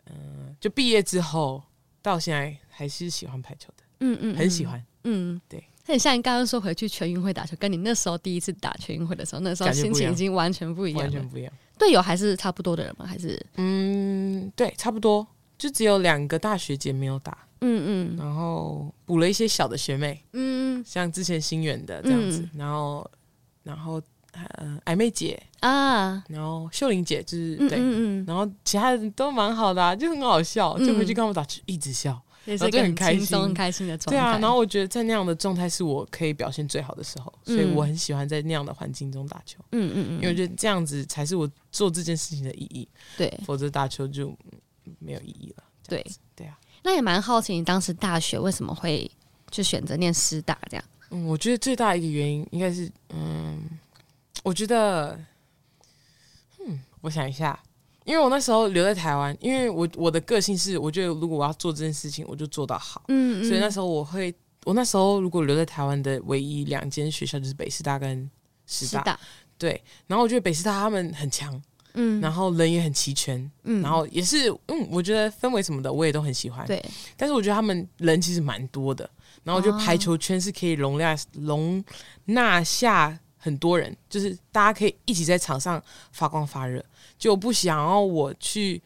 嗯、呃，就畢業之後到現在還是喜歡排球的，嗯嗯，嗯很喜歡，嗯，對。那像你剛剛說回去全運會打球，跟你那時候第一次打全運會的時候，那時候心情已經完全不一樣，完全不一樣。隊友還是差不多的人嗎？還是？嗯，對，差不多，就只有兩個大學姐沒有打，嗯嗯，嗯然後補了一些小的學妹，嗯，像之前新遠的這樣子，嗯、然後。然後，嗯，曖昧姐啊，然後秀玲姐就是對，然後其他人都蠻好的，就很好笑，就回去跟我打球，一直笑，然後就很開心，很開心的狀態。對啊，然後我覺得在那樣的狀態是我可以表現最好的時候，所以我很喜歡在那樣的環境中打球。嗯嗯嗯，因為我覺得這樣子才是我做這件事情的意義。對，否則打球就沒有意義了。對，對啊。那也蠻好奇，你當時大學為什麼會就選擇念師大這樣？嗯，我覺得最大一個原因應該是，嗯，我覺得，嗯，我想一下，因為我那時候留在台灣，因為我我的個性是，我覺得如果我要做這件事情，我就做到好，嗯，嗯，所以那時候我會，我那時候如果留在台灣的唯一兩間學校就是北市大跟師大，大對，然後我覺得北市大他們很強，嗯，然後人也很齊全，嗯，然後也是，嗯，我覺得氛圍什麼的我也都很喜歡，對，但是我覺得他們人其實蠻多的。然後就排球圈是可以容納、oh. 容納下很多人，就是大家可以一起在場上發光發熱。就不想要我去，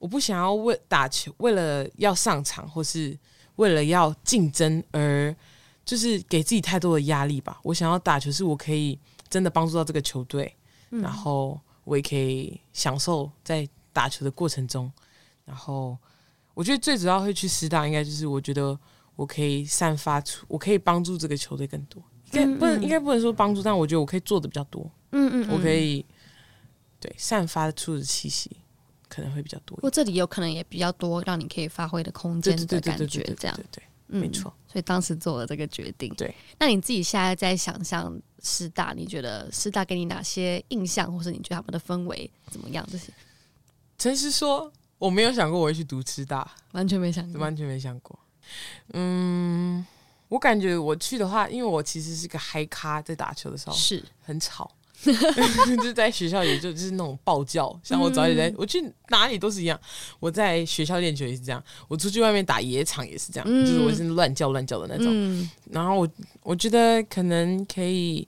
我不想要為打球為了要上場或是為了要競爭而就是給自己太多的壓力吧。我想要打球，是我可以真的幫助到這個球隊，嗯、然後我也可以享受在打球的過程中。然後我覺得最主要會去師大，應該就是我覺得。我可以散發出，我可以幫助這個球隊更多，應該、嗯嗯、不能，應該不能說幫助，但我覺得我可以做的比較多。嗯嗯、嗯，我可以，對，散發出的氣息可能會比較多一點。不過這裡有可能也比較多，讓你可以發揮的空間的感覺，這樣。對對，對，對，對，對，對，對對，沒錯。所以當時做了這個決定。對，那你自己現在在想象師大，你覺得師大給你哪些印象，或是你覺得他們的氛圍怎麼樣、就是？這些？誠實說，我沒有想過我會去讀師大，完全沒想過，完全沒想過。嗯，我感覺我去的話，因為我其實是個嗨咖，在打球的時候是很吵， 就在學校也就就是那種爆叫，像我早點在，嗯、我去哪裡都是一樣，我在學校練球也是這樣，我出去外面打野場也是這樣，嗯、就是我是亂叫亂叫的那種。嗯、然後我我覺得可能可以。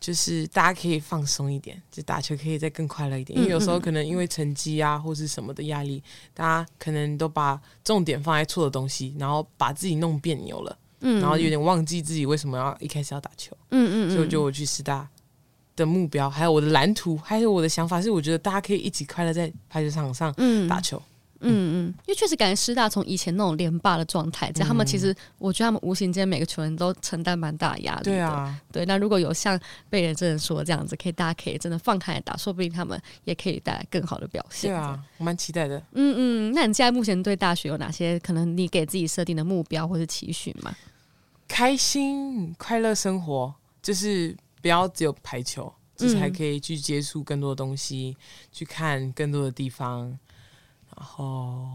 就是大家可以放鬆一點，就打球可以再更快樂一點。因為有時候可能因為成績啊或是什麼的壓力，大家可能都把重點放在錯的東西，然後把自己弄彆扭了，嗯、然後有點忘記自己為什麼要一開始要打球。嗯嗯嗯。嗯嗯，所以，就我去師大的目標，還有我的藍圖，還有我的想法，是我覺得大家可以一起快樂在排球場上打球。嗯嗯，因為確實感覺師大從以前那種連霸的狀態，在、嗯、他們其實，我覺得他們無形間每個球員都承擔蠻大壓力的。對啊，對。那如果有像貝兒真的說這樣子，可以大家可以真的放開來打，說不定他們也可以帶來更好的表現。對啊，我蠻期待的。嗯嗯，那你現在目前對大學有哪些可能你給自己設定的目標或是期許嗎？開心快樂生活，就是不要只有排球，就是還可以去接觸更多的東西，嗯、去看更多的地方。然後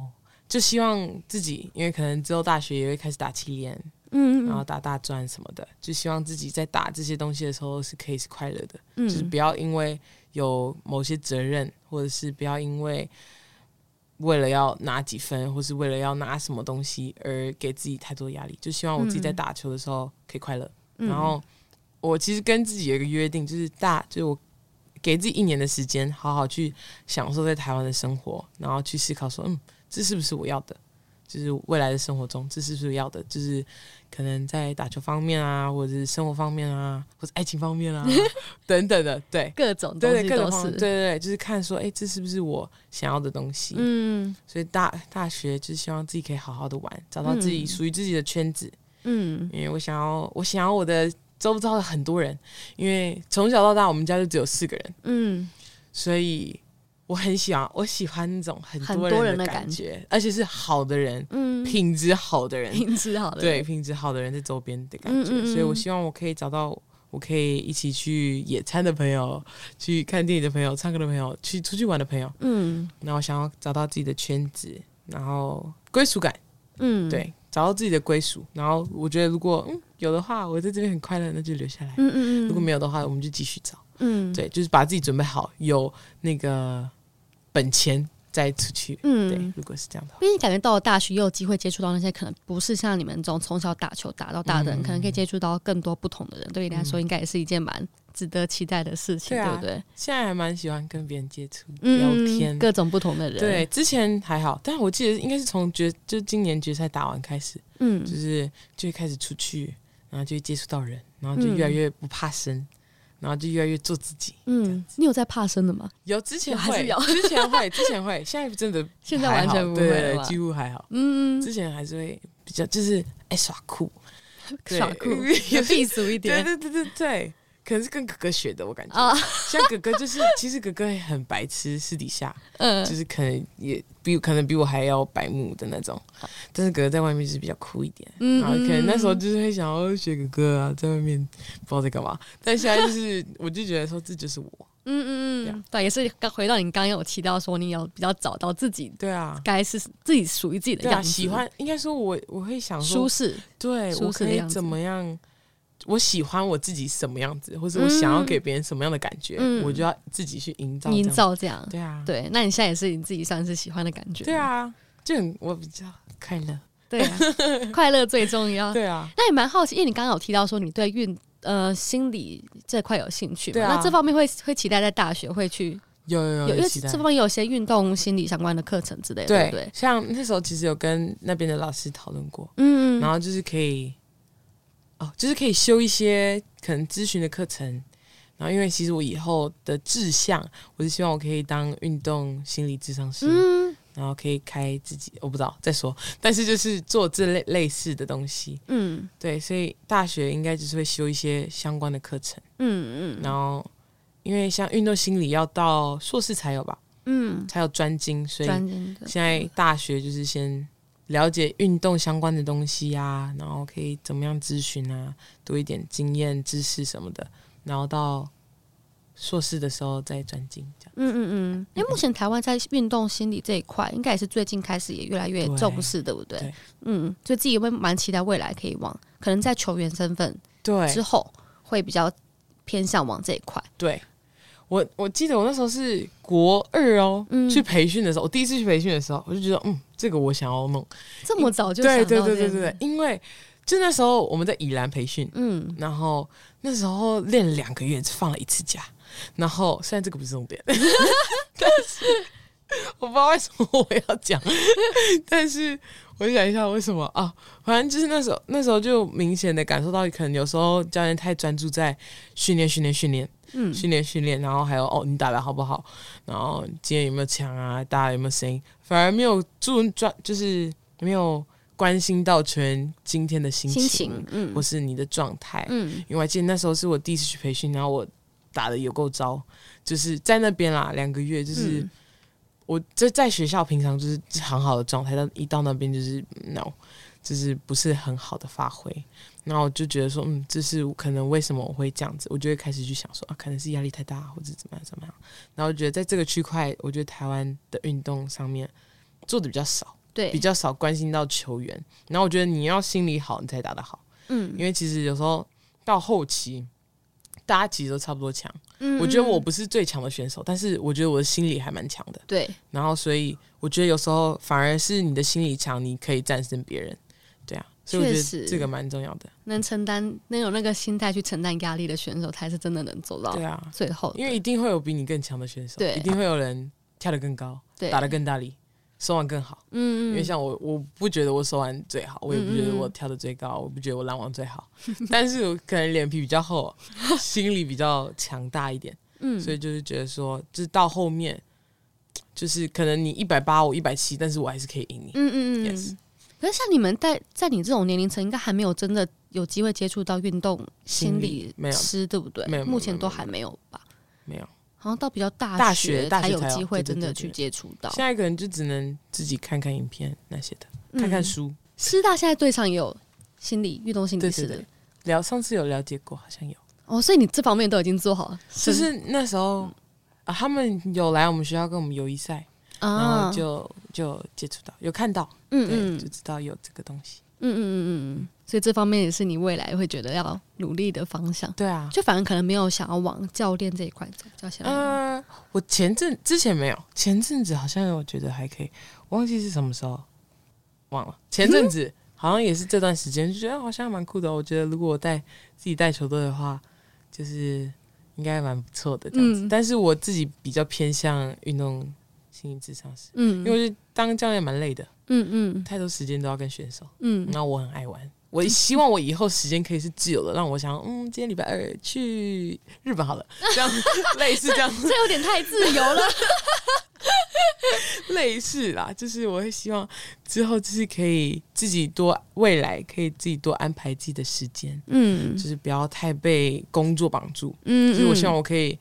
就希望自己，因為可能之後大學也會開始打企甲，嗯，然後打大專什麼的，就希望自己在打這些東西的時候是可以是快樂的，嗯、就是不要因為有某些責任，或者是不要因為為了要拿幾分，或是為了要拿什麼東西而給自己太多壓力。就希望我自己在打球的時候可以快樂。嗯、然後我其實跟自己有一個約定，就是大就是我。給自己一年的時間，好好去享受在台灣的生活，然後去思考說，嗯，這是不是我要的？就是未來的生活中，這是不是我要的？就是可能在打球方面啊，或者生活方面啊，或者愛情方面啊，等等的，對，各種，是對各種，對對，就是看說，哎，這是不是我想要的東西？嗯，所以大大學就是希望自己可以好好的玩，找到自己屬於自己的圈子。嗯，因為我想要，我想要我的。周遭的很多人，因為從小到大我們家就只有四個人，嗯，所以我很喜歡我喜歡那種很多、很多人的感覺，而且是好的人，嗯，品質好的人，品質好的對，品質好的人在周邊的感覺，嗯嗯嗯，所以我希望我可以找到我可以一起去野餐的朋友，去看電影的朋友，唱歌的朋友，去出去玩的朋友，嗯，然後我想要找到自己的圈子，然後歸屬感，嗯，對，找到自己的歸屬，然後我覺得如果、嗯。有的話，我在這邊很快樂，那就留下來嗯。嗯嗯，如果沒有的話，我們就繼續找。嗯，對，就是把自己準備好，有那個本錢再出去。嗯，對。如果是這樣的話，因為你感覺到了大學又有機會接觸到那些可能不是像你們這種從小打球打到大的人，嗯、可能可以接觸到更多不同的人。嗯、對你來說，應該也是一件蠻值得期待的事情，嗯、對不對？對啊、現在還蠻喜歡跟別人接觸、聊天、嗯，各種不同的人。對，之前還好，但是我記得應該是從決，就今年決賽打完開始，嗯，就是就開始出去。然後就接觸到人，然後就越來越不怕生，嗯、然後就越來越做自己。嗯，你有在怕生的嗎？有，之前會有，之前會，之前會，現在真的現在完全不會了，幾乎還好。嗯，之前還是會比較，就是愛耍酷，耍酷，嚴肅酷對一點。對對對對對。可能是跟哥哥學的，我感覺啊，哦、像哥哥就是， 其實哥哥也很白痴，私底下，嗯，就是可能也比可能比我還要白目的那種，嗯、但是哥哥在外面就是比較酷一點，嗯，嗯，嗯，然後、okay, 那時候就是會想要學哥哥啊，在外面不知道在幹嘛，但現在就是我就覺得說這就是我，嗯嗯嗯，對，啊、對，也是剛回到你剛剛有提到說你要比較找到自己，對啊，該是自己屬於自己的樣子，啊、喜歡應該說我我會想說舒適，對，舒適的樣子，我可以怎麼樣我喜歡我自己什麼樣子，或者我想要給別人什麼樣的感覺，我就要自己去營造。營造這樣，對啊，對。那你現在也是你自己算是喜歡的感覺，對啊，就很我比較快樂，對啊，快樂最重要，對啊。那也蠻好奇，因為你剛剛有提到說你對運呃心理這塊有興趣，那這方面會會期待在大學會去有有有，因為這方面有些運動心理相關的課程之類的，對不對？像那時候其實有跟那邊的老師討論過，嗯，然後就是可以。就是可以修一些可能諮詢的課程，然後因為其實我以後的志向，我是希望我可以當運動心理諮商師，嗯、然後可以開自己，我不知道再說，但是就是做這類類似的東西。嗯，對，所以大學應該就是會修一些相關的課程。嗯嗯，嗯然後因為像運動心理要到碩士才有吧，嗯，才有專精，所以現在大學就是先了解運動相關的東西啊，然後可以怎麼樣諮詢啊，多一點經驗知識什麼的，然後到碩士的時候再轉進這樣。嗯嗯嗯，因為目前台灣在運動心理這一塊，應該也是最近開始也越來越重視，對不對？對對，嗯，就自己也會蠻期待未來可以往，可能在球員身份對之後會比較偏向往這一塊對。對我我記得我那時候是國二哦，嗯、去培訓的時候，我第一次去培訓的時候，我就覺得，嗯，這個我想要夢，這麼早就想對對對，對，對對對，嗯、因為就那時候我們在宜蘭培訓，嗯，然後那時候練了兩個月只放了一次假，然後雖然這個不是重點， 但是 我不知道為什麼我要講， 但是我想一下為什麼啊，反正就是那時候那時候就明顯的感受到，可能有時候教練太專注在訓練訓練訓練。訓練訓練，然後還有哦，你打得好不好？然後今天有沒有強啊？大家有沒有聲音？反而沒有注重，就是沒有關心到全今天的心情，心情嗯，或是你的狀態，嗯。因為我記得那時候是我第一次去培訓，然後我打得有夠糟，就是在那邊啦，兩個月，就是、嗯、我在在學校平常就是很好的狀態，但一到那邊就是 no，就是不是很好的發揮。然後我就覺得說，嗯，這是可能為什麼我會這樣子，我就會開始去想說啊，可能是壓力太大，或者怎麼樣怎麼樣。然後我覺得在這個區塊，我覺得台灣的運動上面做得比較少，對，比較少關心到球員。然後我覺得你要心理好，你才打得好，嗯，因為其實有時候到後期大家其實都差不多強，嗯，嗯，我覺得我不是最強的選手，但是我覺得我的心理還蠻強的，對。然後所以我覺得有時候反而是你的心理強，你可以戰勝別人。確實，所以我覺得這個蠻重要的。能承擔、能有那個心態去承擔壓力的選手，才是真的能做到最後。因為一定會有比你更強的選手，對，一定會有人跳得更高，對，打得更大力，手腕更好，嗯。因為像我，我不覺得我手腕最好，我也不覺得我跳的最高，嗯嗯，我不覺得我攔網最好。但是我可能臉皮比較厚， 心理比較強大一點，嗯。所以就是覺得說，就是到後面，就是可能你一百八，我一百七，但是我還是可以贏你，嗯嗯嗯。Yes 可是像你們在在你這種年齡層，應該還沒有真的有機會接觸到運動心理師，對不對？目前都還沒有吧？沒有，好像到比較大學才有機會真的去接觸到。現在可能就只能自己看看影片那些的，看看書。師大現在隊上也有心理運動心理師的，了上次有了解過，好像有哦。所以你這方面都已經做好了。就是那時候啊，他們有來我們學校跟我們友誼賽。啊、然後就就接觸到，有看到，嗯，嗯，就知道有這個東西，嗯嗯嗯嗯，嗯所以這方面也是你未來會覺得要努力的方向？對啊，就反而可能沒有想要往教練這一塊走。教練，嗯、呃，我前陣之前沒有，前陣子好像我覺得還可以，我忘記是什麼時候，忘了，前陣子、嗯、好像也是這段時間就覺得好像蠻酷的，我覺得如果我帶自己帶球隊的話，就是應該蠻不錯的這樣子，嗯、但是我自己比較偏向運動。上嗯，因為當教練蠻累的。嗯嗯，嗯太多時間都要跟選手。嗯，那我很愛玩。我希望我以後時間可以是自由的，讓我想，嗯，今天禮拜二去日本好了。這樣子， 類似這樣子。 這有點太自由了。 類似啦，就是我會希望之後就是可以自己多未來可以自己多安排自己的時間。嗯，就是不要太被工作綁住。嗯，嗯，所以我希望我可以。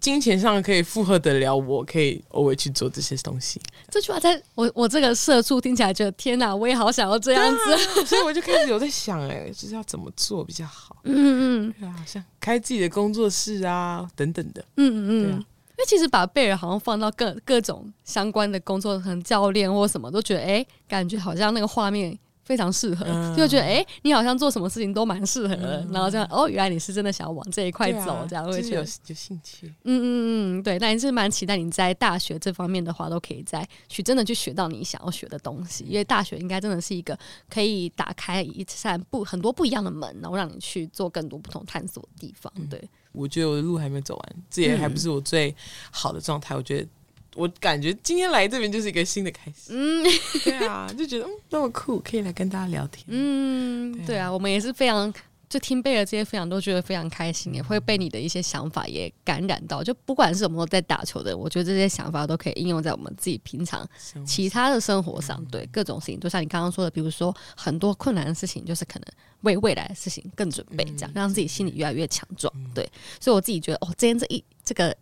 金錢上可以負荷得了，我可以偶爾去做這些東西。這句話在我我這個社畜聽起來覺得天哪、啊，我也好想要這樣子，啊、所以我就開始有在想、欸，哎， 就是要怎麼做比較好？嗯嗯，對、啊，好像開自己的工作室啊，等等的。嗯嗯嗯，那、啊、其實把貝兒好像放到各各種相關的工作，可能教練或什麼，都覺得哎、欸，感覺好像那個畫面。非常適合，嗯、就覺得哎、欸，你好像做什麼事情都蠻適合的，嗯、然後這樣哦，原來你是真的想要往這一塊走，啊、這樣會去有，有興趣。嗯嗯嗯，對，那也是蠻期待你在大學這方面的話，都可以在去真的去學到你想要學的東西，嗯、因為大學應該真的是一個可以打開一扇不很多不一樣的門，然後讓你去做更多不同探索的地方。對，嗯、我覺得我的路還沒走完，這也還不是我最好的狀態，嗯、我覺得。我感覺今天來這邊就是一個新的開始，嗯，對啊，就覺得嗯，那麼酷，可以來跟大家聊天，嗯，對啊，我們也是非常就聽貝兒這些分享都覺得非常開心，也會被你的一些想法也感染到，就不管是我們在打球的，我覺得這些想法都可以應用在我們自己平常其他的生活上，對各種事情，就像你剛剛說的，比如說很多困難的事情，就是可能為未來的事情更準備，這樣讓自己心裡越來越強壯，對，所以我自己覺得，哦，今天這一這個。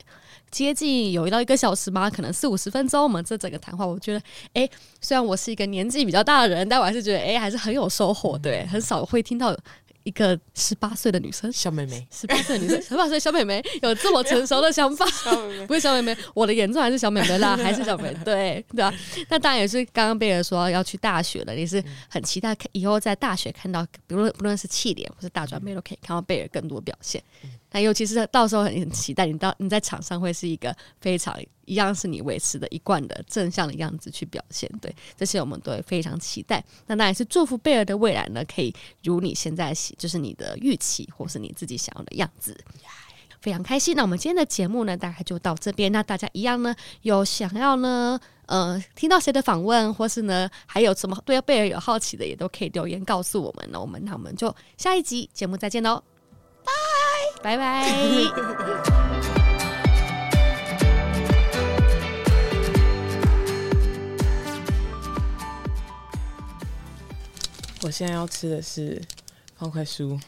接近有一到一個小時吧，可能四五十分鐘。我們這整個談話，我覺得，哎、欸，雖然我是一個年紀比較大的人，但我還是覺得，哎、欸，還是很有收穫。對，很少會聽到一個十八歲的女生，小妹妹，十八歲女生，十八歲小妹妹有這麼成熟的想法。小妹妹，不是小妹妹，我的眼中還是小妹妹啦， 還是小妹、妹。對，對啊。那當然也是剛剛貝兒說要去大學了，也是很期待以後在大學看到，比如不論是企聯或是大專盃、嗯、都可以看到貝兒更多表現。那尤其是到時候，很期待你到你在場上會是一個非常一樣是你維持的一貫的正向的樣子去表現，對，這些我們都會非常期待。那當然是祝福貝兒的未來呢，可以如你現在喜，就是你的預期或是你自己想要的樣子，非常開心。那我們今天的節目呢，大概就到這邊。那大家一樣呢，有想要呢，呃，聽到誰的訪問，或是呢，還有什麼對貝兒有好奇的，也都可以留言告訴我們。那我們那我們就下一集節目再見哦。拜拜！我現在要吃的是方塊酥。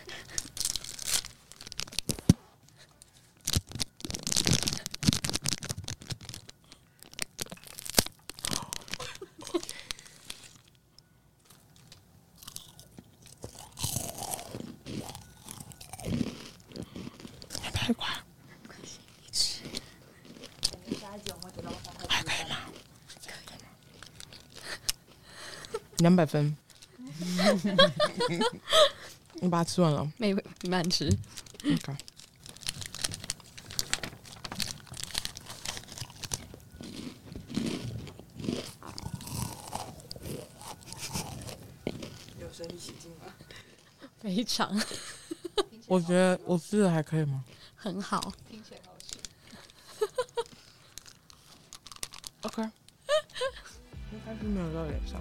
兩百分，你把它吃完了？沒，慢慢吃。OK。有升級嗎？非常。我覺得我吃的還可以嗎？很好，聽起來好吃。 OK。一開始沒有到臉上。